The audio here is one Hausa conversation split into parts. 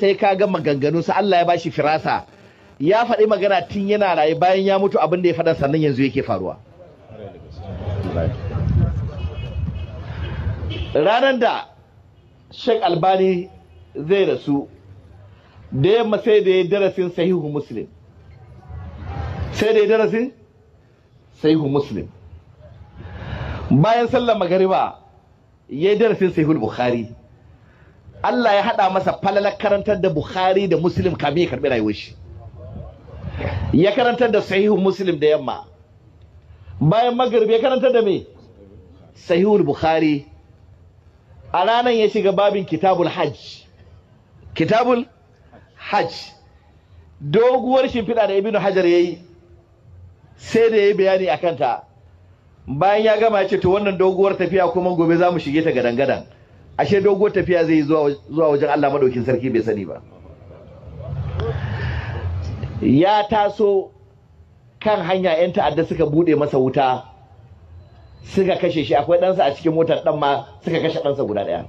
sai ka ga maganganu sa Allah ya bashi firasa ya faɗi magana tun yana rayu, bayan ya mutu abin da ya faɗa sannan yanzu yake faruwa ranar da Sheikh Albani zai rasu da yamma sai da ya darasin sahihu muslim sai da ya darasin sahihu muslim bayan sallar magariba ya yi darasin sahihu bukhari Allah ya haɗa masa falalar karantar da Bukhari da Muslim kamin ya karɓi rayuwar shi ya karantar da sahihu Muslim da yamma bayan magrib ya karantar da me Sahihu Bukhari a ranar ya shiga babin kitabul hajj kitabul hajj doguwar shimfiɗa da ibnu hajar ya yi sai da ya yi bayani a kanta bayan ya gama ya ce to wannan doguwar tafiya kuma gobe za mu shige ta gadan-gadan ashe dogo tafiya zai zuwa wajen Allah madaukin sarki bai sani ba ya taso kan hanya 'yan ta'adda suka buɗe masa wuta suka kashe shi akwai ɗansa a cikin motar ɗan ma suka kashe ɗansa guda ɗaya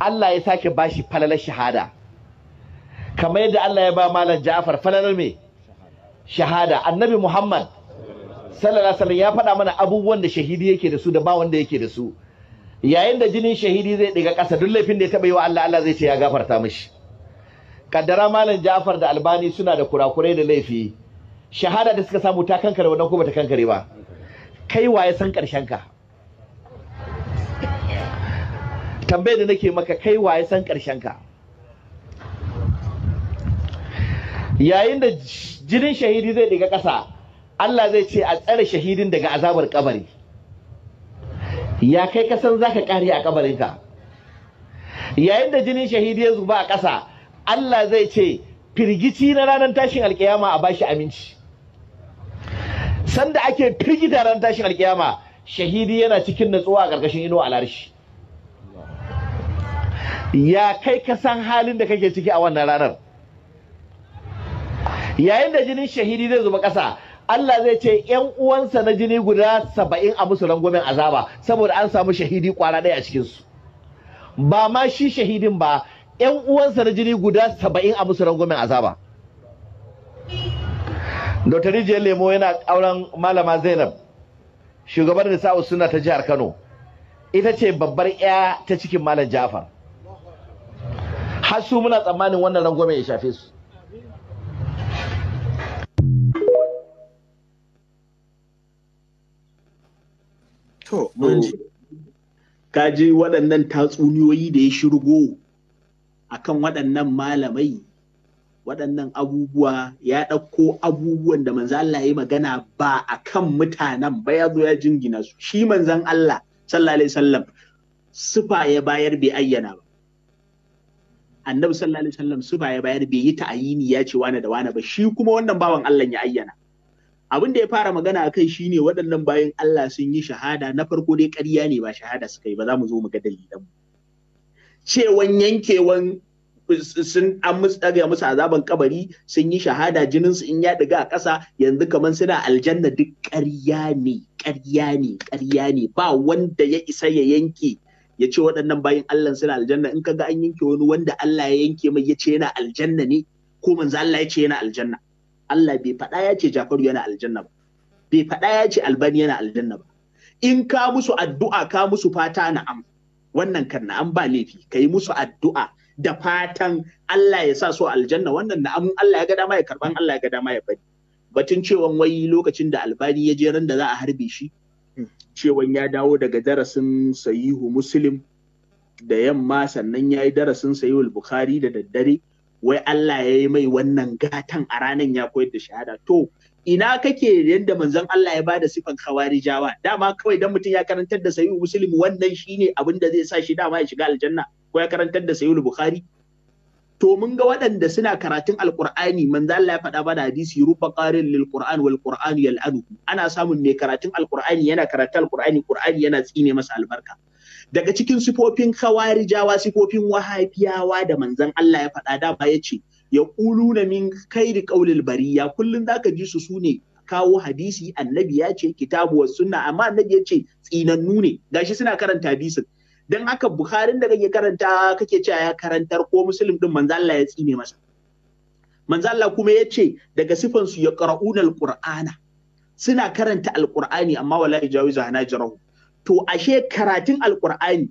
Allah ya sake bashi falalar shahada kamar yadda Allah ya ba malam Ja'far falalar me shahada annabi Muhammad sallallahu alaihi ya faɗa mana abubuwan da shahidi yake da su da ba wanda yake da su yayin da jinin shahidi zai ɗiga ƙasa duk laifin da ya taɓa yi wa Allah Allah zai ce ya gafarta mishi kaddara malam Ja'far da Albani suna da kurakurai da laifi shahada da suka samu ta kankare wannan ko bata kankare ba kai waye san karshen ka tambayar da nake maka kai waye san karshen ka yayin da jinin shahidi zai ɗiga ƙasa Allah zai ce a tsare shahidin daga azabar kabari ya kai kasan za ka kare a kabarinka yayin da jinin shahidi ya zuba a ƙasa Allah zai ce firgici na ranar tashin alkiyama a bashi aminci sanda ake firgita ranar tashin alkiyama shahidi yana cikin natsuwa a ƙarƙashin a larshi ya kai kasan halin da kake ciki a wannan ranar yayin da jinin shahidi zai zuba ƙasa Allah zai ce ‘yan uwansa na jini guda saba'in a musu rangwamen azaba saboda an samu shahidi kwara ɗaya a cikinsu. Ba ma shi shahidin ba, ‘yan uwansa na jini guda saba'in a musu rangwamen azaba. Dr. Rijiyar Lemo yana auren Malama Zainab, shugabar da sa'u suna ta jihar Kano, ita ce babbar ‘ya ta cikin Malam Jafar. Har su muna tsammanin wannan rangwamen ya shafe su. To, mun ji. Ka ji waɗannan tatsuniyoyi da ya shirgo a kan waɗannan malamai, waɗannan abubuwa ya ɗauko abubuwan da manzan Allah ya magana ba a kan mutanen ba ya zo ya jingina su. Shi manzan Allah, sallallahu alaihi sufa ya bayar bai ayyana ba. Annabi sallallahu alaihi sufa ya bayar bai yi ta'ayini ya ce wane da wane ba, shi kuma wannan bawan Allah ya ayyana. abin da ya fara magana a kai shine waɗannan bayan Allah sun yi shahada na farko dai ƙarya ne ba shahada suka yi ba za mu zo mu ga dalilan mu cewan yankewan sun an daga musu azaban kabari sun yi shahada jinin su in ya diga a ƙasa yanzu kaman suna aljanna duk ƙarya ne ƙarya ne ƙarya ne ba wanda ya isa ya yanke ya ce waɗannan bayan Allah suna aljanna in kaga an yanke wani wanda Allah ya yanke mai ya ce yana aljanna ne ko manzo Allah ya ce yana aljanna Allah bai faɗa ya ce Jafaru yana aljanna ba bai faɗa ya ce Albani yana aljanna ba in ka musu addu'a ka musu fata na'am wannan kan na'am ba laifi ka yi musu addu'a da fatan Allah ya sa su aljanna wannan na'am Allah ya ga dama ya karban Allah ya ga dama ya bari batun cewan wai lokacin da Albani ya je ran da za a harbe shi hmm. cewan ya dawo daga darasin sayihu muslim da yamma sannan ya yi darasin sayihul bukhari da daddare wai Allah ya yi mai wannan gatan a ranar ya koyar da shahada to ina kake yadda manzon Allah ya bada sifan jawa? dama kawai dan mutum ya karantar da sahihu muslim wannan shine abin da zai sa shi dama ya shiga aljanna ko ya karantar da sayu bukhari to mun ga waɗanda suna karatun alqur'ani manzo Allah ya faɗa bada hadisi rufa qarin lil qur'an wal qur'an yal'anu ana samun mai karatun alqur'ani yana karatun alqur'ani qur'ani yana tsine masa albarka daga cikin sifofin jawa sifofin wahafiyawa da manzan Allah ya faɗa da ya ce ya na min kairi ƙaulil bariya kullum zaka ji su ne kawo hadisi annabi ya ce kitabu wasu suna amma annabi ya ce tsinannu ne gashi suna karanta hadisin Don haka bukharin da kake karanta kake cewa ya karantar ko musulun din manzan Allah ya tsine masa manzan Allah kuma ya ce daga sifan su ya ƙara'unar ƙurana suna karanta alƙur'ani amma wala jawo zahana jarahu to ashe karatun alkur'ani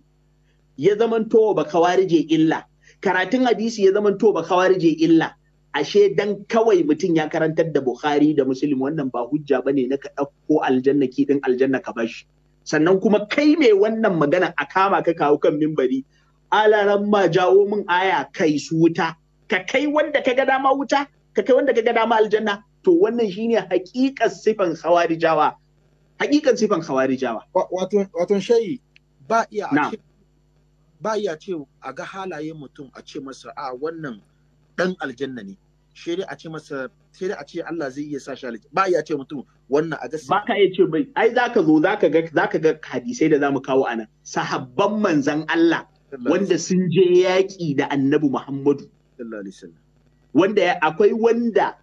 ya zamanto ba kawarije illa karatun hadisi ya zamanto ba kawarije illa ashe dan kawai mutum ya karantar da bukhari da muslim wannan ba hujja bane na ka ɗauko aljanna ki din aljanna ka bashi sannan kuma kai mai wannan magana a kama ka kawo kan mimbari alaran ma jawo min aya kai su wuta ka kai wanda ka ga dama wuta ka kai wanda ka ga dama aljanna to wannan shine haƙiƙar sifan hawarijawa hakikan sifan khawarijawa wato wato shayi ba iya ba iya ce a ga halaye mutum a ce masa a wannan dan aljanna ne shi a ce masa sai dai a ce Allah zai iya sa shi aljanna ba iya ce mutum wannan a ga ba ka iya ce bai ai zaka zo zaka ga zaka ga hadisai da zamu kawo anan sahabban manzon Allah wanda sun je yaƙi da Annabi Muhammadu sallallahu alaihi wasallam wanda akwai wanda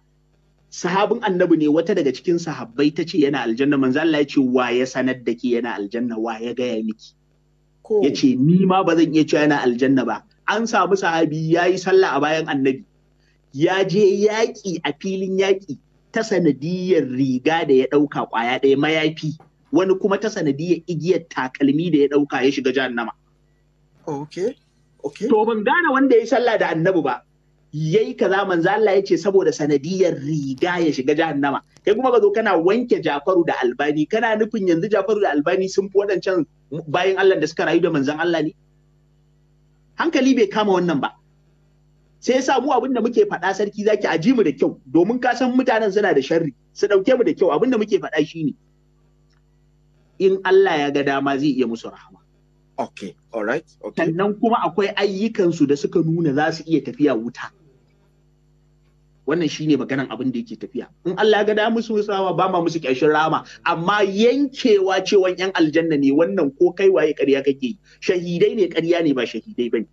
sahabin annabi ne wata daga cikin sahabbai ta ce yana aljanna manzo Allah ya ce wa ya sanar da ke yana aljanna wa ya gaya miki ya ce ni ma ba zan iya cewa yana aljanna ba an samu sahabi ya yi sallah a bayan annabi ya je yaƙi a filin yaƙi ta sanadiyar riga da ya ɗauka ƙwaya ɗaya mayafi wani kuma ta sanadiyar igiyar takalmi da ya ɗauka ya shiga jahannama. Okay. Okay. To ban gane wanda ya yi sallah da annabi ba, yayi kaza manzo Allah yace saboda sanadiyar riga ya shiga jahannama kai kuma ka zo kana wanke Jafaru da Albani kana nufin yanzu Jafaru da Albani sun fi wadancan bayan Allah da suka rayu da manzon Allah ne hankali bai kama wannan ba sai yasa mu abinda muke faɗa sarki zaki aji mu da kyau domin ka san mutanen suna da sharri su dauke mu da kyau abinda da muke faɗa ne. in Allah ya ga dama zai iya musu rahama okay all right okay sannan kuma akwai ayyukansu da suka nuna za su iya tafiya wuta wannan shine maganan abin da yake tafiya in Allah ya ga da musu musawa ba ma musu kyashin rama amma yankewa cewan yan aljanna ne wannan ko kai waye ƙarya kake yi shahidai ne ƙarya ne ba shahidai bane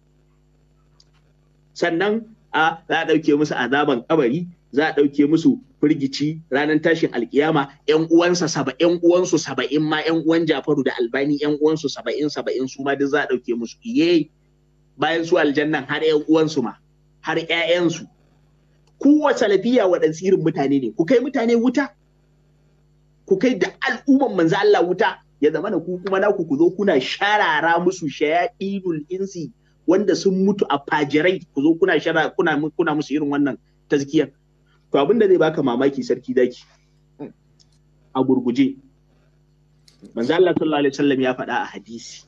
sannan a za a ɗauke musu azaban kabari za a ɗauke musu firgici ranar tashin alkiyama yan uwansa saba yan uwansu saba'in ma yan uwan Jafaru da Albani yan uwansu saba'in saba'in su ma duk za a ɗauke musu iye bayan su aljannan har yan uwansu ma har 'ya'yansu. kuwa salafiya waɗansu irin mutane ne ku kai mutane wuta ku kai da al'umman manzo Allah wuta ya zama na ku kuma naku ku zo kuna sharara musu shayadinul insi wanda sun mutu a fajirai ku zo kuna shara kuna kuna musu irin wannan tazkiyar to abin da zai baka mamaki sarki daki a gurguje manzo Allah sallallahu alaihi wasallam ya faɗa a hadisi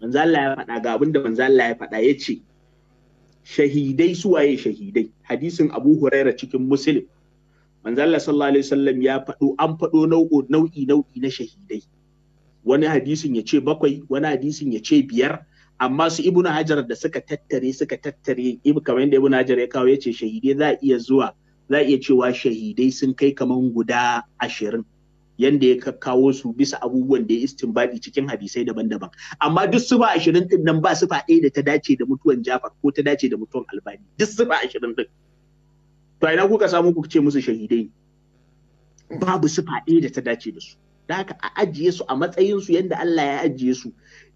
manzo Allah ya faɗa ga abin da manzo Allah ya faɗa yace shahidai su waye shahidai hadisin Abu Huraira cikin Muslim manzo Allah sallallahu alaihi wasallam ya faɗo an faɗo nau'i nau'i na shahidai wani hadisin ya ce bakwai wani hadisin ya ce biyar amma su ibnu hajar da suka tattare suka tattare ibnu kamar yadda ibnu hajar ya kawo ya ce shahidai za iya zuwa za iya cewa shahidai sun kai kamar guda ashirin yanda ya kawo su bisa abubuwan da ya istinbadi cikin hadisai daban-daban amma duk sifa ashirin din nan ba sifa ɗaya da ta dace da mutuwan Jafar ko ta dace da mutuwan Albani duk sifa ashirin din to ina kuka samu ku ce musu shahidai babu sifa ɗaya da ta dace da su da haka a ajiye su a matsayin su yanda Allah ya ajiye su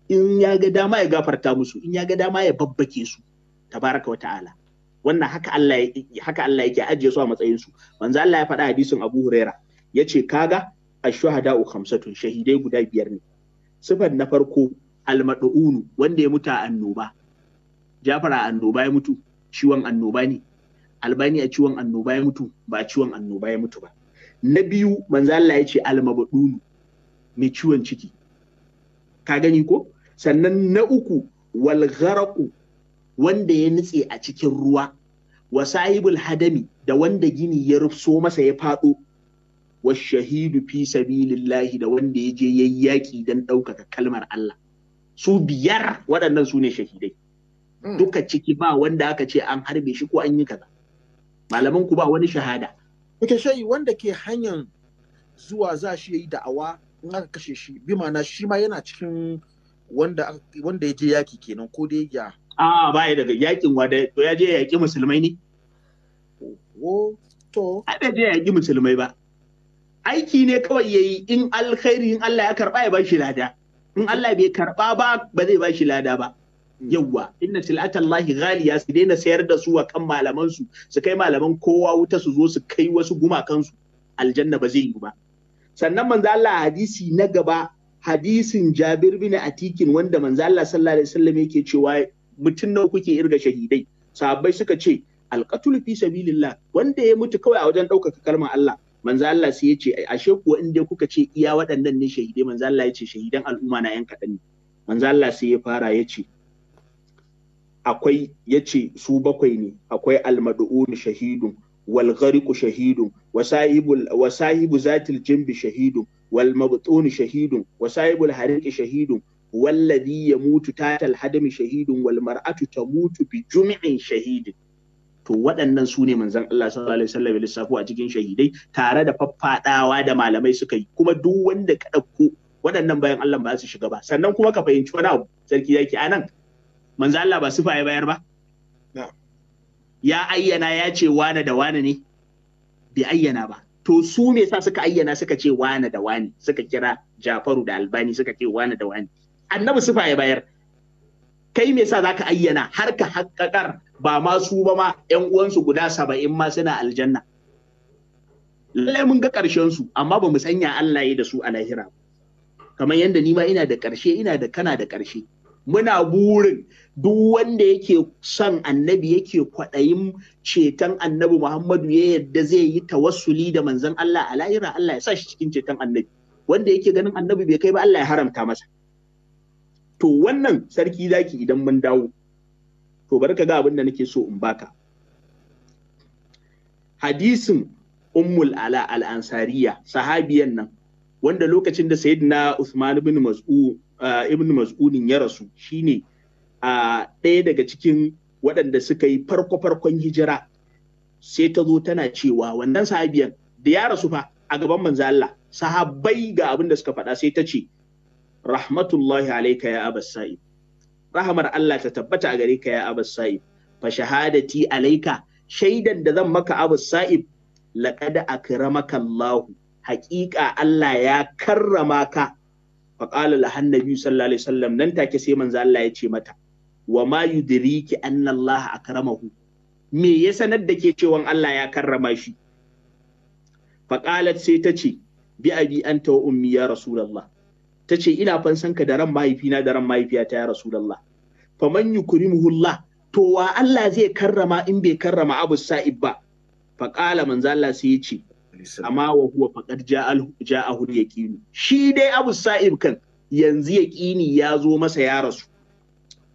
in ya ga dama ya gafarta musu in ya ga dama ya babbake su tabaraka wa ta'ala wannan haka Allah haka Allah yake ajiye su a matsayin su manzo Allah ya faɗa hadisin Abu Huraira yace kaga ashuhada u khamsatun shahidai guda biyar ne sifar na farko almadu'unu wanda ya mutu a annoba jafara annoba ya mutu ciwon annoba ne albani a ciwon annoba ya mutu ba ciwon annoba ya mutu ba na biyu manzo Allah ya ce almabudunu mai ciwon ciki ka gani ko sannan na uku wal wanda ya nutse a cikin ruwa wa sahibul hadami da wanda gini ya rufso masa ya faɗo Wasu shahidu fi sabilillahi da wanda ya je yayyaki dan ɗaukaka kalmar Allah su biyar waɗannan su ne shahidai hmm. duka ciki ba wanda aka ce an harbe shi ko an yi kaza malaman ku ba wani shahada Kuke shayi wanda ke hanyar zuwa za shi yi da'awa in aka kashe shi bi ma'ana shi ma yana cikin wanda wanda ya je yaki kenan ko dai ya a ba ya daga yakin wa da to ya je yaki musulmai ne to Ai da je yaki musulmai ba aiki ne kawai ya yi in alkhairi in Allah ya karba ya ba shi lada in Allah bai karɓa ba ba zai ba shi lada ba yawwa inna tilatallahi ghaliya su daina sayar da su wa kan malaman su su kai malaman kowa wuta su zo su kai wasu gumakan su aljanna ba zai yi ba sannan manzo Allah hadisi na gaba hadisin Jabir bin Atikin wanda manzo Allah sallallahu alaihi wasallam yake cewa mutum nawa kuke irga shahidai sahabbai suka ce alqatul fi sabilillah wanda ya mutu kawai a wajen ɗaukaka kalmar Allah manzo Allah sai ya ce ashe kuwa in dai kuka ce iya waɗannan ne shahidai manzo Allah ya ce shahidan al'umma na yan kaɗan ne manzo Allah sai ya fara ya ce akwai ya ce su bakwai ne akwai almad'un shahidun wal ghariqu shahidun wa sahibul wa sahibu zatil jambi shahidun wal mabtun shahidun wa sahibul hariqi shahidun tatal hadami shahidun wal mar'atu tamutu bi jum'in shahidin to waɗannan su ne manzan Allah sallallahu alaihi wasallam ya lissafo a cikin shahidai tare da faffadawa da malamai suka yi kuma duk wanda ka ɗauko waɗannan bayan Allah ba su shiga ba sannan kuma ka fahimci wani abu sarki yake anan manzan Allah ba su ya bayar ba ya ayyana ya ce wane da wane ne bai ayyana ba to su me sa suka ayyana suka ce wane da wane suka kira Jafaru da Albani suka ce wane da wane annabi su ya bayar kai me yasa zaka ayyana har ka haƙƙaƙar ba ma su ba ma yan uwansu guda saba'in ma suna aljanna lallai mun ga ƙarshen su amma ba mu sanya Allah ya da su a lahira kamar yadda ni ma ina da ƙarshe ina da kana da ƙarshe muna burin duk wanda yake son annabi yake kwaɗayin ceton annabi Muhammadu ya yadda zai yi tawassuli da manzon Allah a lahira Allah ya sa shi cikin ceton annabi wanda yake ganin annabi bai kai ba Allah ya haramta masa to wannan sarki zaki idan mun dawo to bari ka ga abin da nake so in baka hadisin ummul ala al ansariya sahabiyan nan wanda lokacin da sayyidina usman ibn Mas'ud uh, ibn Mas'udin ya rasu shine a uh, ɗaya daga cikin waɗanda suka yi farko farkon hijira sai ta zo tana cewa wannan sahabiyan da ya rasu fa a gaban manzo Allah sahabbai ga abin da suka faɗa sai ta ce rahmatullahi alayka ya abassaib rahamar Allah ta tabbata a gare ka ya Abu Sa'ib fa shahadati alaika. shaidan da zan maka Abu Sa'ib laqad akramaka Allah haqiqa Allah ya karrama ka fa qala lahan nabi sallallahu alaihi wasallam nan take sai manzo Allah ya ce mata wa ma yudriki anna Allah akramahu me ya sanar da ke cewan Allah ya karrama shi fa qalat sai ta ce bi abi anta wa ummi ya rasulullah ta ce ina fansan ka da ran mahaifina da ran mahaifiyata ya rasulullah faman yukrimuhullah to wa Allah zai karrama in bai karrama abu sa'ib ba faqala manzo Allah sai ya ce amma wa huwa faqad ja'ahu yaqinu shi dai abu sa'ib kan yanzu yaqini ya zo masa ya rasu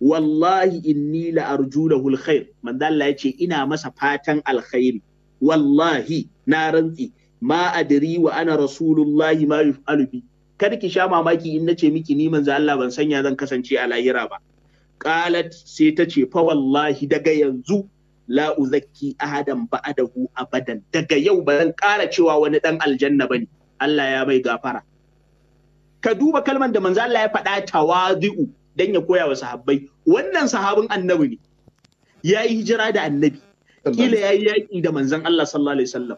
wallahi inni la arjulahu alkhair manzo Allah yace ina masa fatan alkhairi wallahi na rantsi ma adri wa ana rasulullahi ma yuf'alu bi Kar ki sha mamaki in nace miki ni manzo Allah ban sanya zan kasance a lahira ba qalat sai ta ce fa wallahi daga yanzu la uzakki ahadan ba'adahu abadan daga yau ba zan ƙara cewa wani dan aljanna bane Allah ya mai gafara ka duba kalmar da manzo Allah ya faɗa tawazi'u dan ya koya wa sahabbai wannan sahabin annabi ne yayi hijira da annabi kila yayi yaƙi da manzon Allah sallallahu alaihi wasallam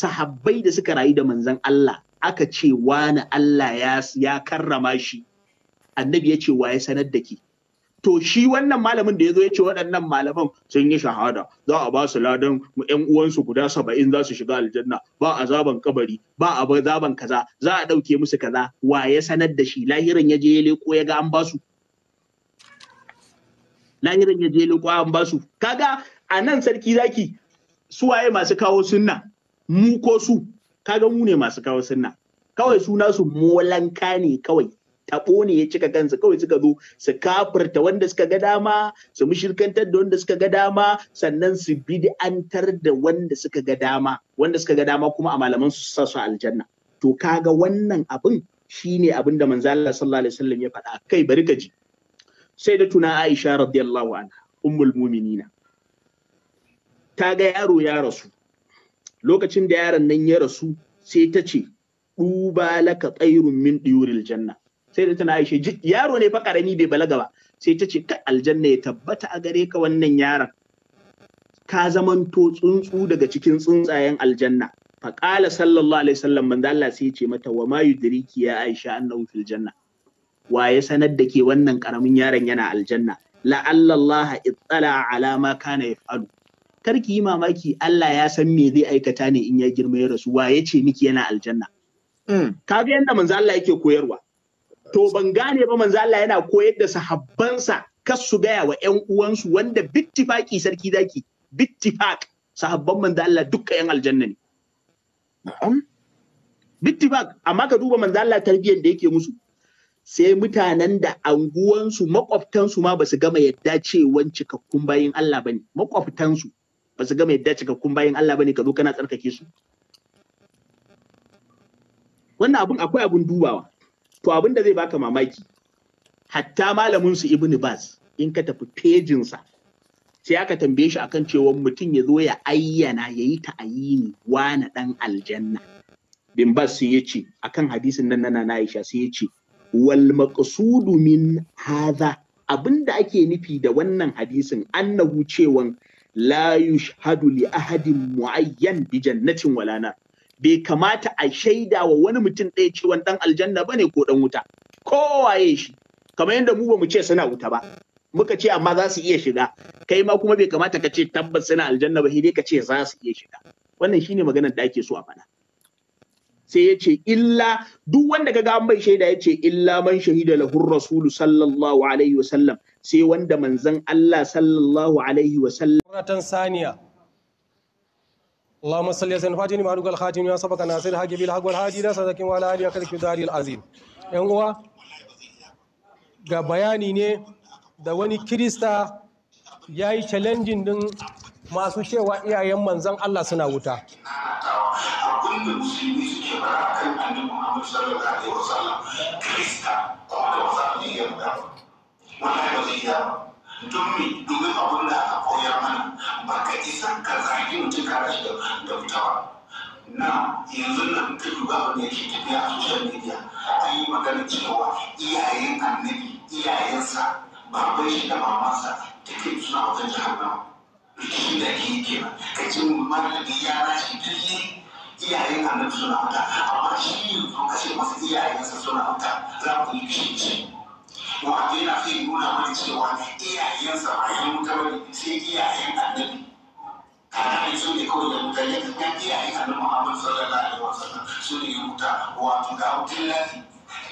sahabbai da suka rayu da manzon Allah aka ce wani Allah ya, karrama shi annabi ya ce wa ya sanar da ke to shi wannan malamin da ya zo ya ce waɗannan malaman sun yi shahada za a ba su ladan yan uwansu guda saba'in za su shiga aljanna ba a zaban kabari ba a zaban kaza za a ɗauke musu kaza wa ya sanar da shi lahirin ya je ya leko ya ga an ba su lahirin ya je ya leko an ba su kaga a nan sarki zaki suwaye masu kawo sunna mu ko su kaga mu ne masu kawo sunna kawai suna su molanka ne kawai tabo ne ya cika kansa kawai suka zo su kafirta wanda suka ga dama su mushirkantar da wanda suka ga dama sannan su bid'antar da wanda suka ga dama wanda suka ga dama kuma a malaman su sa su aljanna to kaga wannan abin shine abin da manzo Allah sallallahu alaihi wasallam ya faɗa kai bari ka ji sai da tuna Aisha radiyallahu anha ummul mu'minina ta ga yaro ya rasu lokacin da yaron nan ya rasu sai ta ce duba laka tsairun min diyuril janna sai da tana aishe yaro ne fa karami bai balaga ba sai ta ce kai aljanna ya tabbata a gare ka wannan yaron ka zamanto tsuntsu daga cikin tsuntsayen aljanna faƙala sallallahu alaihi wasallam manzo Allah sai ya ce mata wa ma yudriki ya aisha annahu fil janna wa ya sanar da ke wannan karamin yaron yana aljanna la'alla Allah ittala ala ma kana yaf'alu kar ki yi mamaki Allah ya san me zai aikata ne in ya girma ya rasu wa ya ce miki yana aljanna hmm. ka ga yadda manzo Allah yake koyarwa to ban gane ba manzo Allah yana koyar da sahabbansa kas su gaya wa ƴan uwansu wanda bittifaki sarki zaki bittifak sahabban manzo Allah dukka ƴan aljanna ne bittifak amma ka duba manzo Allah tarbiyyar da yake musu sai mutanen da anguwansu makwabtansu ma basu gama yadda cewan cikakkun bayin Allah bane makwabtansu ba su gama yadda kun bayan Allah bane ka zo kana tsarkake su wannan abun akwai abun dubawa to abin da zai baka mamaki hatta malamin su Ibn Baz in ka tafi pejin sa sai aka tambaye shi akan cewa mutum ya zo ya ayyana yayi yi ta'ayini wani dan aljanna bin Baz sai ya ce akan hadisin nan na Aisha sai ya ce wal maqsudu min hadha Abinda ake nufi da wannan hadisin annahu cewan la yushhadu li ahadin mu'ayyan bi jannatin wala bai kamata a shaida wa wani mutum ɗaya cewa ɗan aljanna ne ko dan wuta kowaye shi kamar yadda mu ba mu ce suna wuta ba muka ce amma za su iya shiga kai ma kuma bai kamata ka ce tabbas suna aljanna ba dai ka ce za su iya shiga wannan shine maganar da ake so a faɗa sai ya illa duk wanda kaga an bai shaida yace illa man shahida lahur rasulu sallallahu alaihi wasallam sai wanda manzan Allah sallallahu alaihi wa sallam. Ratan saniya. Allahumma salli ala sayyidina Fatima Ibn Abdul Khatim ya sabaka nasir hajibi al hagwal hadi da sadakin wala hadi akal kidari al azim. Yan uwa ga bayani ne da wani Kirista ya yi challenging din masu cewa iyayen manzan Allah suna wuta. Kirista wallahi ba zai iya ba don me domin abin da aka koya mana ba ka isa ka zagi mutum ka rashi da fita na yanzu nan ka duba abin da yake tafiya a social media an yi magana cewa iyayen annabi iyayensa babban shi da mamansa ke suna wajen jihar rikici da ke yi kenan ka ce malami ya rashi fili iyayen annabi suna wuta amma shi yanzu ka ce masa iyayensa suna wata za ku yi kishi wato yana so ya nuna mana cewa iyayensa ba yan wuta ba ne sai iyayen annabi kakanai su ne kawai da wuta ya kan iyayen annabi muhammad sallallahu alaihi wasallam su ne ya wuta wato ga wutan lafi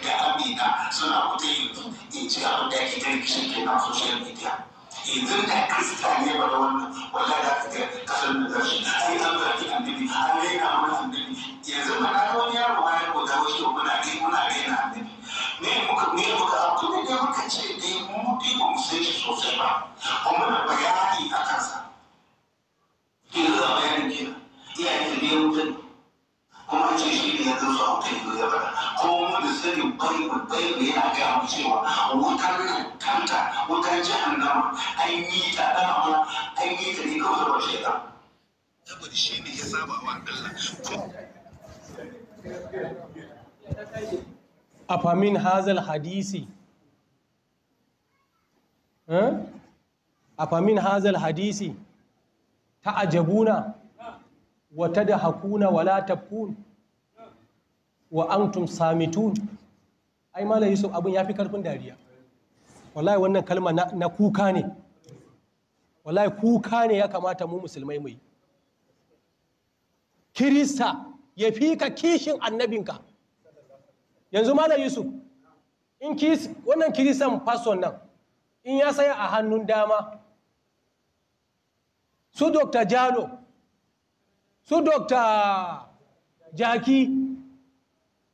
da amina suna wuta yanzu in ci abin da ake tarihi shi ke na social media idan da iska ne ba da wannan wallahi da aka ga kasar da zashi sai an zaki annabi an raina mana annabi yanzu ba na wani yaro ma ya kota wasu muna kai muna raina annabi ne muka ne muka abu ne da muka ce dai mu dai ba mu san shi sosai ba kuma na bayani a kansa. Yanzu a bayanin kenan iyayen da ya mutu kuma ce shi ne ya zo a mutum ya faɗa ko mu da sani bai bai da yana gaya mu cewa wutar nan kanta wutar jahannama an yi ta dama an yi ta ne kawai saboda shaitan saboda shi ne ya saba wa Allah afamin hazal hadisi afamin hazal hadisi ta ajabuna da hakuna wala tabkun wa antum samitun ai malam yusuf ya yafi karfin dariya wallahi wannan kalma na, kuka ne wallahi kuka ne ya kamata mu musulmai mu yi kirista ya fi ka kishin annabinka yanzu malam yusuf in kis wannan kiristan fason nan in ya saya a hannun dama su dr jalo su dokta jaki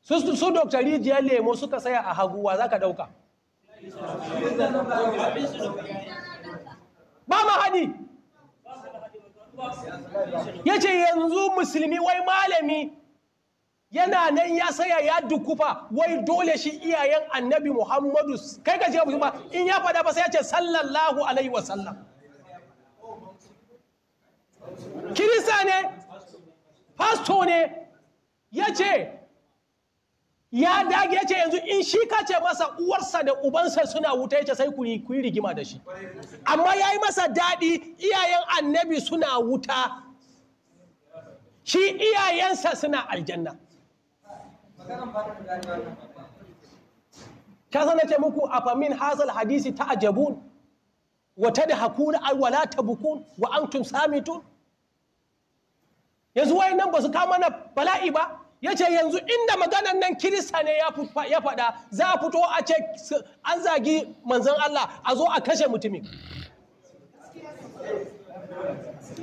su dokta rijiyar lemo suka saya a haguwa za ka ɗauka ba ma haɗi ya ce yanzu musulmi wai malami yana nan ya saya ya dukufa wai dole shi iyayen annabi muhammadu kai ka ce ba in ya fada ba sai ya ce sallallahu alaihi wasallam kirista ne fasto ne ya ce ya dage ya ce yanzu in shi ka ce masa uwarsa da ubansa suna wuta ya ce sai ku yi rigima da shi amma ya yi masa daɗi iyayen annabi suna wuta shi iyayensa suna aljanna ka sana ce muku a famin hazal hadisi ta ajabun wata da hakuna alwala ta bukun wa antum samitun yanzu wayan nan ba su kama na bala'i ba ya ce yanzu inda maganan nan kirista ne ya faɗa za a fito a ce an zagi manzan Allah a zo a kashe mutumin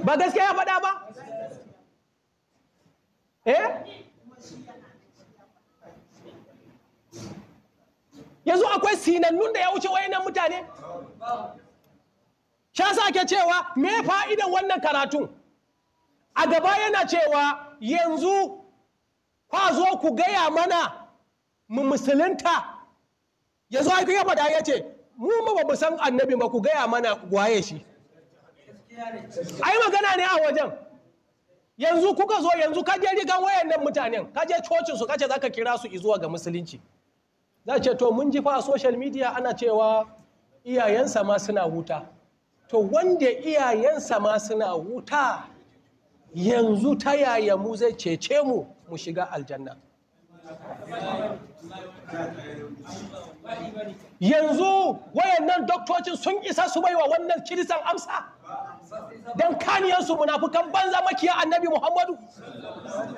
ba gaskiya ya faɗa ba eh yanzu akwai sinannun da ya wuce wayannan mutane sha sa cewa me fa'idan wannan karatun a gaba yana cewa yanzu kwa zo ku gaya mana mu musulunta yanzu haiku ya faɗa ya ce mu ma ba san annabi ba ku gaya mana waye shi ai magana ne a wajen yanzu kuka zo yanzu kaje je rigan wayannan mutanen kaje cocin su kace zaka kira su izuwa ga musulunci za ce to mun ji fa a social media ana cewa iyayensa ma suna wuta to wanda iyayensa ma suna wuta yanzu ta yaya mu zai cece mu mu shiga aljanna yanzu wayannan doktocin sun isa su baiwa wannan kirisan amsa don kaniyarsu munafukan banza makiya annabi muhammadu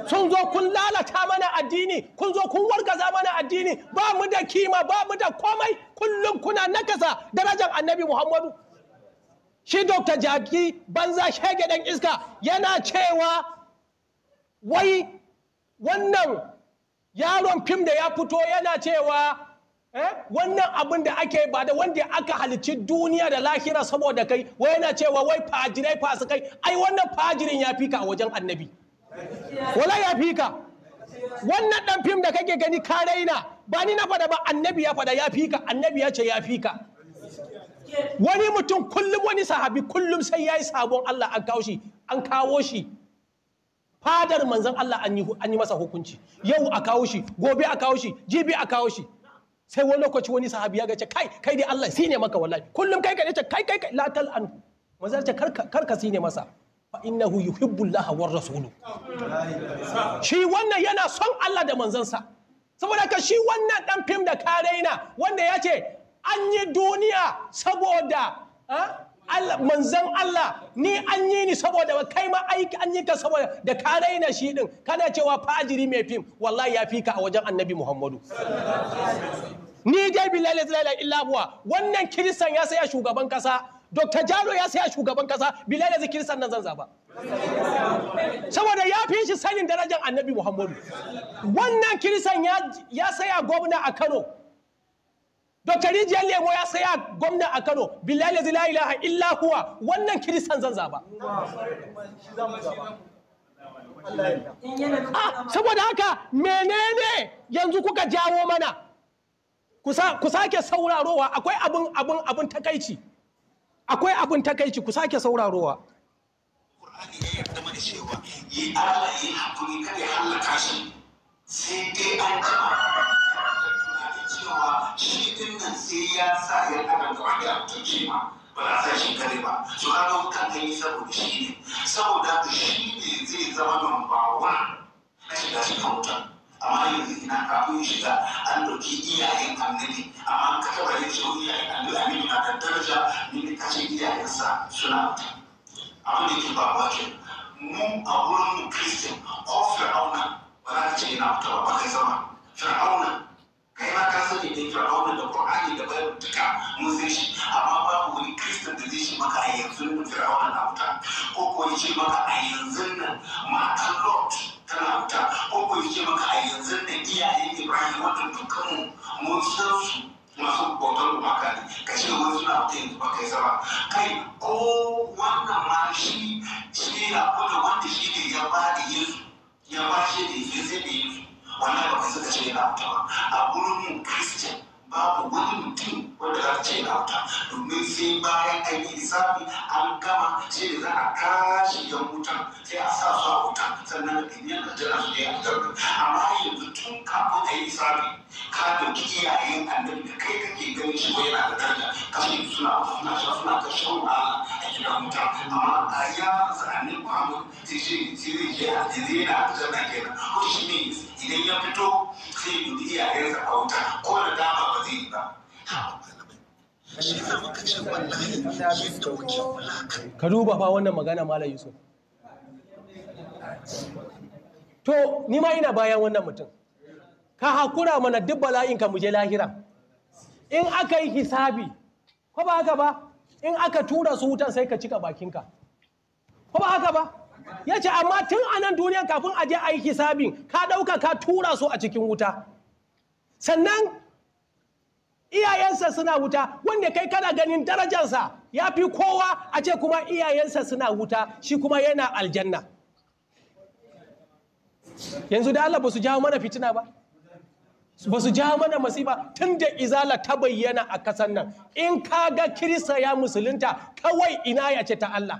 sun zo kun lalata mana addini kun zo kun wargaza mana addini ba mu da kima ba mu da komai kullum kuna nakasa darajar annabi muhammadu shi dokta jaki banza shege dan iska yana cewa wai wannan yaron fim da ya fito yana cewa eh, wannan abin da ake ba da wanda aka halicci duniya da lahira saboda kai wai yana cewa wai fajirai kai ai wannan fajirin ya fika a wajen annabi wala ya fika wannan dan fim da kake gani ka raina ba ni na fada ba annabi ya fada ya fika annabi ya ce ya fika wani mutum kullum wani sahabi kullum sai ya yi sabon Allah an kawo shi an kawo shi fadar manzan Allah an yi masa hukunci yau a kawo shi gobe a kawo shi jibi a kawo shi sai wani lokaci wani sahabi ya gace kai kai dai Allah sine maka wallahi kullum kai kai ce kai kai kai latal an manzan ce kar ka sine masa fa innahu yuhibbu Allah war rasulu shi wannan yana son Allah da manzansa saboda ka shi wannan dan fim da ka raina wanda ya ce an yi duniya saboda eh, manzan Allah ni an yi ni saboda kai ma aiki an yi ka saboda da ka raina shi din kana cewa fajiri mai fim wallahi ya fi ka a wajen annabi Muhammadu ni dai billahi la illa buwa, wannan kiristan ya saya shugaban kasa Dr. Jalo ya saya shugaban kasa billahi zai kiristan nan zan zaba saboda ya fi shi sanin darajar annabi Muhammadu wannan kiristan ya saya gwamna a Kano Dr. Rijiyar Lemo ya saya gwamna a Kano, Bilal zila ilaha illa kuwa wannan kiristan zan zaba. Ah, saboda haka menene yanzu kuka jawo mana ku sake saurarowa akwai abin abin abin takaici akwai abin takaici ku sake saurarowa Qur'ani ya yarda mana cewa yi Allah yi hakuri kada ya halaka shi sai dai an kama cewa shi din nan sai ya sa ya karanta wani a mutunci ma ba za sa shi kare ba to ka ga kan kai saboda shi ne saboda shi ne zai zama number one na shiga cikin wutan amma yanzu ina kafin shiga an dauki iyayen annabi amma an kafa bari ce wani iyayen annabi a na kan daraja ni ne kashe sa suna amma da yake ba ake. mu a wurin mu kristin ko fir'auna ba za ka ce ina wuta ba kai sama fir'auna ma ka so ne dai fir'auna da qur'ani da bayan duka mun san shi amma babu wani kristin da zai shi maka a yanzu nan fir'auna na wuta ko ko ya ce maka a yanzu nan matan Lord tana wuta ko ko ya ce maka a yanzu nan iyayen ibrahim dukkan mu? mun san su masu bautar gumaka ne ka ce wani suna wuta yanzu ba kai zama kai ko wannan ma shi shi ne na wanda shi ne ya ba da yanzu, ya ba shi ne ya zai da yanzu. I am na mtu aburu babu wani mutum wanda za ce na wuta domin sai bayan an yi lissafi an gama shi da za a kashi yan wutan sai a sa su a wuta sannan da ɗin da jira su ya fitar amma yanzu tun kafin a yi lissafi ka ɗauki iyayen annabi da kai kake ganin shi ko yana da daraja kashe suna suna sha suna ta shan wahala a gidan wuta amma a ya fasa annabi Muhammad sai shi sai zai je a zai na fitar da kenan ko shi ne idan ya fito zai gudu iyayensa a wuta ko da dama ba zai yi ba ka duba fa wannan magana malam yusuf to ni ma ina bayan wannan mutum ka hakura mana duk bala'in ka muje lahira in aka yi hisabi ko ba haka ba in aka tura su wutan sai ka cika bakinka ko ba haka ba ya ce amma tun a nan duniya kafin aje a yi hisabin ka ɗauka ka tura su a cikin wuta sannan iyayensa suna wuta wanda kai kana ganin darajarsa ya fi kowa a ce kuma iyayensa suna wuta shi kuma yana aljanna yanzu da Allah ba su jawo mana fitina ba ba su jawo mana masifa tun da izala ta bayyana a kasan nan in ka ga kirista ya musulunta kawai ina ya ce ta Allah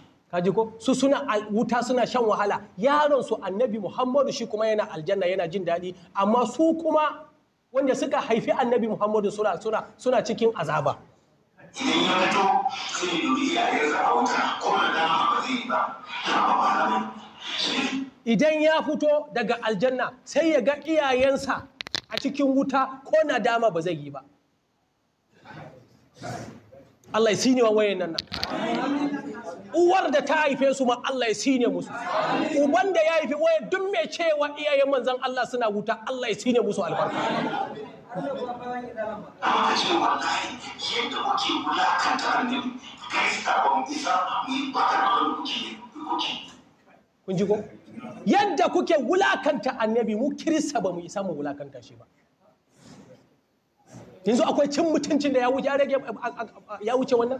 kaji ko su suna wuta suna shan wahala yaron su annabi muhammadu shi kuma yana aljanna yana jin daɗi amma su kuma wanda suka haifi annabi muhammadu suna suna suna cikin azaba idan ya fito daga aljanna sai ya ga iyayensa a cikin wuta ko na dama ba zai yi ba Allah ya sinewa wayan nan uwar da ta haife su ma Allah ya sine musu uban da ya haifi waye duk mai cewa iyayen manzon Allah suna wuta Allah ya sine musu albarka kun ji ko yadda kuke wulakanta annabi mu kirista ba mu isa mu wulakanta shi ba yanzu akwai cin mutuncin da ya wuce wannan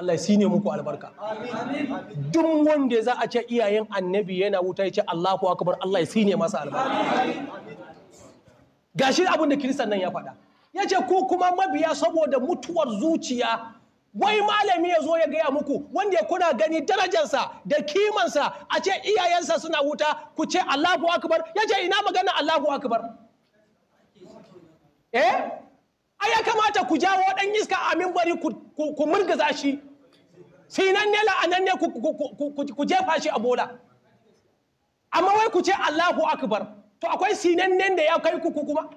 Allah ya sine muku albarka duk wanda za a ce iyayen annabi yana wuta ya ce Allahu akbar Allah ya sine masa albarka gashi abin da Kirista nan ya faɗa ya ce ku kuma mabiya saboda mutuwar zuciya wai malami ya zo ya gaya muku wanda ya kuna gani darajarsa da kimansa a ce iyayensa suna wuta ku ce Allahu akbar ya ce ina magana Allahu akbar eh ai ya kamata ku jawo dan iska amin bari ku murgaza shi nan ne la'anan ne ku jefa shi a bola amma wai ku ce Allahu akbar to akwai sinannen da ya kai ku kuma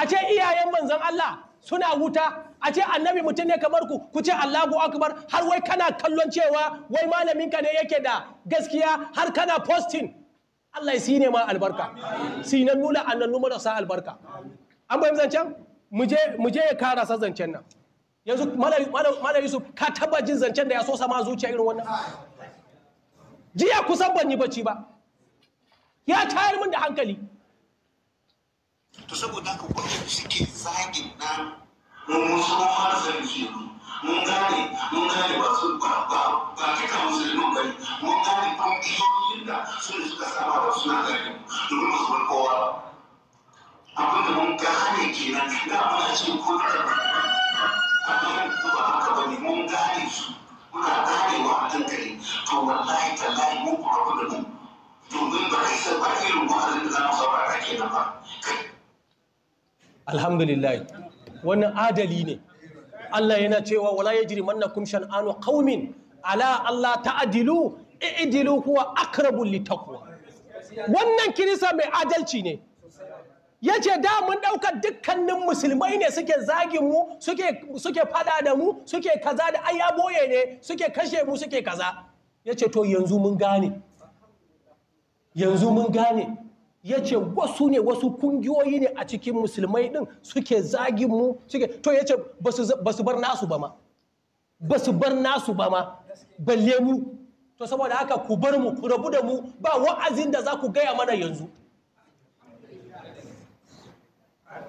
a ce iyayen manzon Allah suna wuta a ce annabi mutum ne kamar ku ku ce Allahu akbar har wai kana kallon cewa wai malamin ka ne yake da gaskiya har kana posting Allah ya ne ma albarka sinan nuna numarar sa albarka an bayan zancen mu je ya karasa zancen nan yanzu malar yusuf ka taba jin zancen da ya so sama zuciya irin wannan jiya kusan ban yi bacci ba ya tayar min da hankali to saboda haka wanda suke zagin na mun so har zanci mun gane mun gane ba su ba ba ba kika musulmin bane mun gane kungiyoyin da su ne suka saba ba suna gane domin ba su bar kowa da mun gane kenan da muna cikin kudin amma yanzu ba mun gane wa to wallahi da mu domin ba kenan ba alhamdulillah wannan adali ne Allah yana cewa wala yajri mannakum shan'anu qaumin ala Allah ta'dilu i'dilu huwa aqrabu littaqwa wannan kirisa mai adalci ne ya ce da mun ɗaukar dukkanin musulmai ne suke zagin mu suke fada da mu suke kaza da ai boye ne suke kashe mu suke kaza ya ce to yanzu mun gane yanzu mun gane ya ce wasu ne wasu kungiyoyi ne a cikin musulmai ɗin suke zagin mu suke to ya ce ba su bar nasu ba ma ba su bar nasu ba ma balle mu to saboda haka ku bar mu ku rabu da mu ba wa'azin da za ku gaya mana yanzu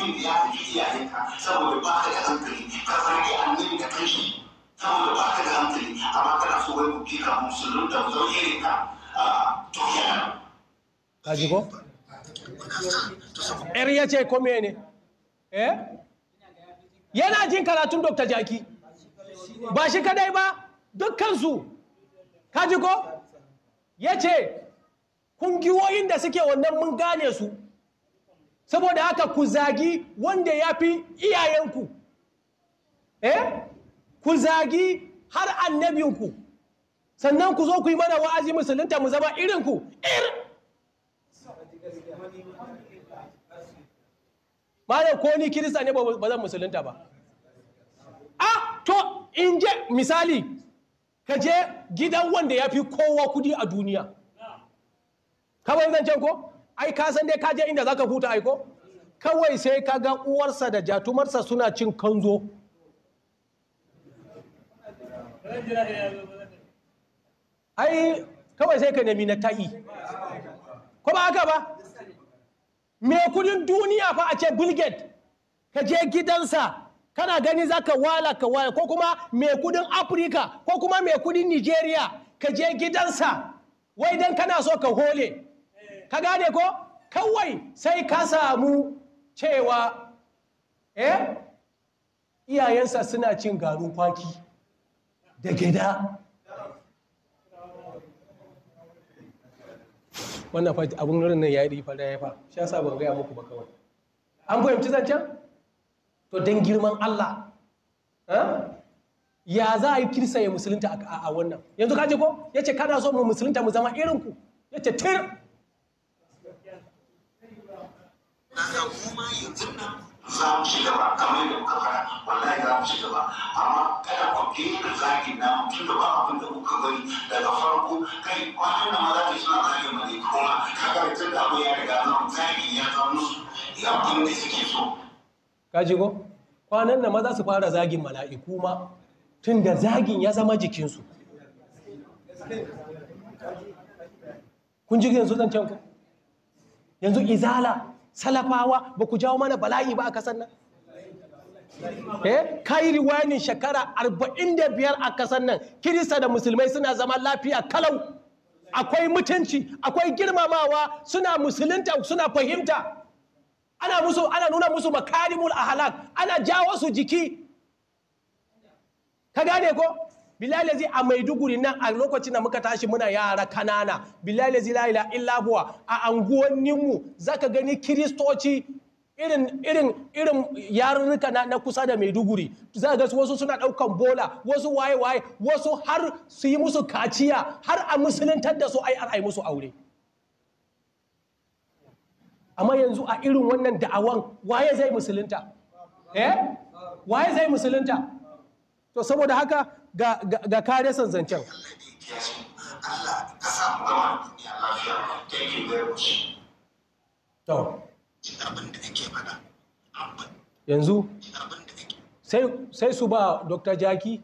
addinin ya fi iyayenka saboda ba ka da hankali ka zargi annabi da kashi saboda ba ka da hankali amma kana so wai ku ka musulun da zo irin ka to yana ka ji ko yar ya ce ko mene eh yana jin karatun dokta Jaki ba shi kadai ba dukkan su ka ji ko ya ce kungiyoyin da suke wannan mun gane su saboda haka ku zagi wanda ya fi iyayenku eh ku zagi har annabinku sannan ku zo ku yi mana wa'azi musulunta mu zama irinku ir malam ko ni kirista ne ba zan musulunta ba A to in je misali ka je gidan wanda ya fi kowa kudi a duniya kamar can ko ai ka san dai ka je inda zaka huta aiko kawai sai ka ga uwarsa da jatumarsa suna cin kanzo ai kawai sai ka nemi na ta'i ko ba haka ba me kudin duniya fa a ce bilget ka je gidansa kana gani zaka wala ka wala ko kuma me kudin afirka ko kuma me kudin nigeria ka je gidansa wai dan kana so ka hole ka gane ko kawai sai ka samu cewa eh iyayensa suna cin garin kwaki da gida wannan fa abun nurin nan ya yi fa da ya fa shi ya sabon gaya muku ba kawai an fahimci zancen to don girman Allah eh, ya za a yi kirsa ya musulunta a wannan yanzu kaji ko ya ce kada so mu musulunta mu zama irinku ya ce tir daga kuma yanzu nan za mu ci gaba kamar yadda muka fara wallahi za mu ci gaba amma kada ku daina zaki na tun da ba abin da kuka bari daga farko kai kwanan nan maza za ta suna kare mu ne kuma ka tun da abu ya riga zan zaki ya zan musu ya abin da suke so ka ko kwanan nan maza su fara zagin mala'iku ma tun da zagin ya zama jikinsu kun ji yanzu zan can ku yanzu izala salafawa ba ku jawo mana bala'i ba a kasar nan eh kai riwayanin shekara 45 a kasar nan kirista da musulmai suna zama lafiya kalau akwai mutunci akwai girmamawa suna musulunta suna fahimta ana musu ana nuna musu makarimul ahlak ana jawo su jiki ka gane ko bilalazi a maiduguri nan a lokacin da muka tashi muna yara kanana bilalazi la ila illa huwa a anguwanninmu zaka gani kiristoci irin irin irin yarurruka na, kusa da maiduguri za ga wasu suna ɗaukan bola wasu waye waye wasu har su yi musu kaciya har a musuluntar da su ai ai musu aure amma yanzu a irin wannan da'awan waye zai musulunta eh waye zai musulunta to saboda haka ga ga kare san zancen to yanzu sai su ba dr jaki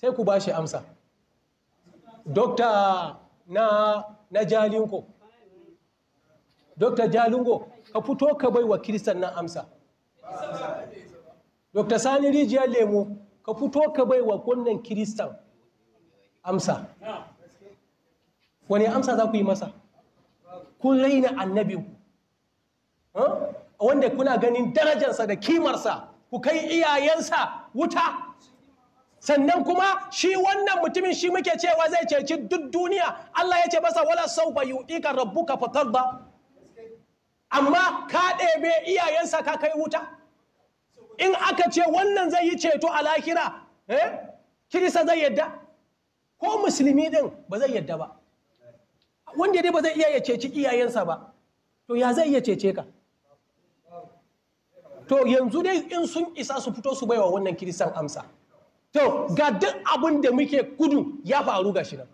sai ku ba shi amsa dokta na, na jalingo dokta jalingo ka fito ka bai wa kiristan na amsa dokta sani rijiyar lemu ka fito ka bai wa wannan kiristan amsa wani amsa za ku yi masa kun raina annabi wanda kuna ganin darajarsa da kimarsa ku kai iyayensa wuta sannan kuma shi wannan mutumin shi muke cewa zai ceci duk duniya Allah ya ce masa wala saufa ka rabbuka ba. amma ka ɗebe iyayensa ka kai wuta in aka ce wannan zai yi ceto a lahira eh kirista zai yadda ko musulmi din ba zai yadda ba wanda dai ba zai iya ya ceci iyayensa ba to ya zai iya cece ka to yanzu dai in sun isa su fito su baiwa wannan kiristan amsa to ga duk abin da muke gudu ya faru ga shi nan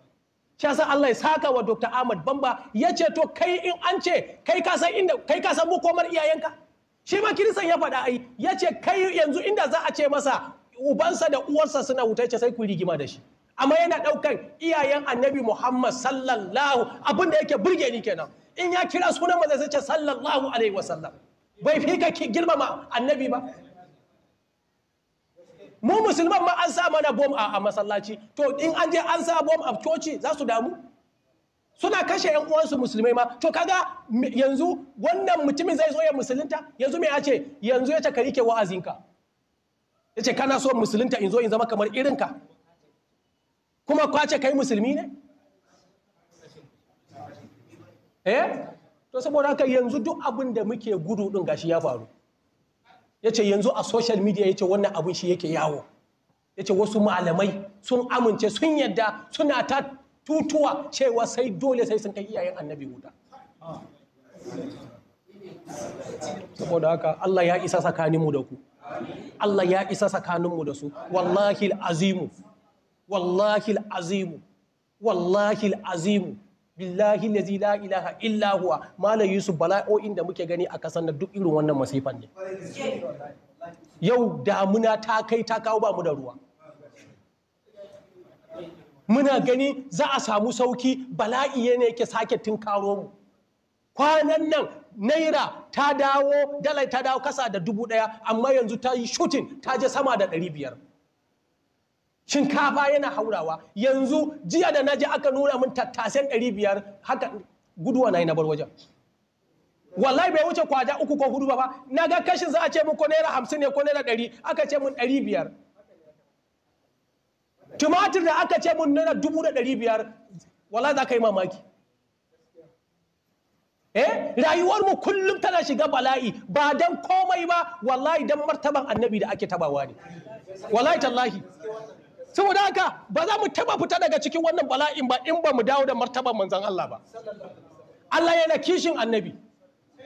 shasa Allah ya saka wa Dr. Ahmad Bamba ya ce to kai in an ce kai ka san inda kai ka san mu komar iyayenka shi ma kirisan ya faɗa ai ya ce kai yanzu inda za a ce masa ubansa da uwarsa suna wuta ce sai ku rigima da shi amma yana ɗaukan iyayen annabi muhammad sallallahu abin yake burge ni kenan in ya kira sunan maza sai ce sallallahu alaihi wasallam bai fi ka girmama annabi ba mu musulman ma an sa mana bom a masallaci to in an je an sa bom a coci za su damu suna kashe yan uwansu musulmai ma to kaga yanzu wannan mutumin zai zo ya musulunta yanzu me ya ce yanzu ya ce ka rike wa'azinka ya ce kana so musulunta in zo in zama kamar irinka kuma kwace kai musulmi ne eh to saboda haka yanzu duk abin da muke gudu din gashi ya faru ya ce yanzu a social media ya ce wannan abin shi yake yawo ya ce wasu malamai sun amince sun yadda suna ta tutuwa cewa sai dole sai sun kai iyayen annabi wuta saboda haka Allah ya isa tsakaninmu da ku Allah ya isa tsakaninmu da su wallahi azimu wallahi azimu wallahi azimu billahi lazi la ilaha illa huwa malam yusuf bala'o'in da muke gani a kasan da duk irin wannan masifan ne yau damuna ta kai ta kawo ba mu da ruwa muna gani za a samu sauki bala'i ne yake sake tinkaro mu kwanan nan naira ta dawo dala ta dawo kasa da dubu daya amma yanzu ta yi shooting ta je sama da ɗari biyar shinkafa yana haurawa yanzu jiya da naji aka nuna min tattasen ɗari biyar haka guduwa na yi na bar wajen wallahi bai wuce kwada uku ko hudu ba na ga kashin za a ce min ko naira hamsin ne ko naira ɗari aka ce min ɗari biyar tumatir da aka ce mun nuna dubu da ɗari biyar wala za ka yi mamaki eh rayuwar kullum tana shiga bala'i ba dan komai ba wallahi dan martaban annabi da ake tabawa ne wallahi tallahi saboda haka ba za mu taba fita daga cikin wannan bala'in ba in ba mu dawo da martaban manzon Allah ba Allah yana kishin annabi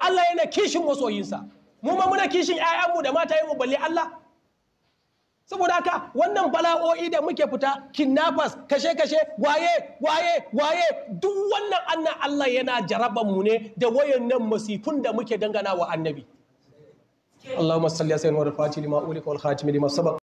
Allah yana kishin masoyinsa mu ma muna kishin 'ya'yanmu da mu balle Allah saboda haka wannan bala'o'i da muke fita kidnappers kashe-kashe waye waye waye duk wannan annan Allah yana jaraban mu ne da wayannan masifun da muke dangana wa annabi Allahumma salli ala sayyidina wa rafati lima ulika wal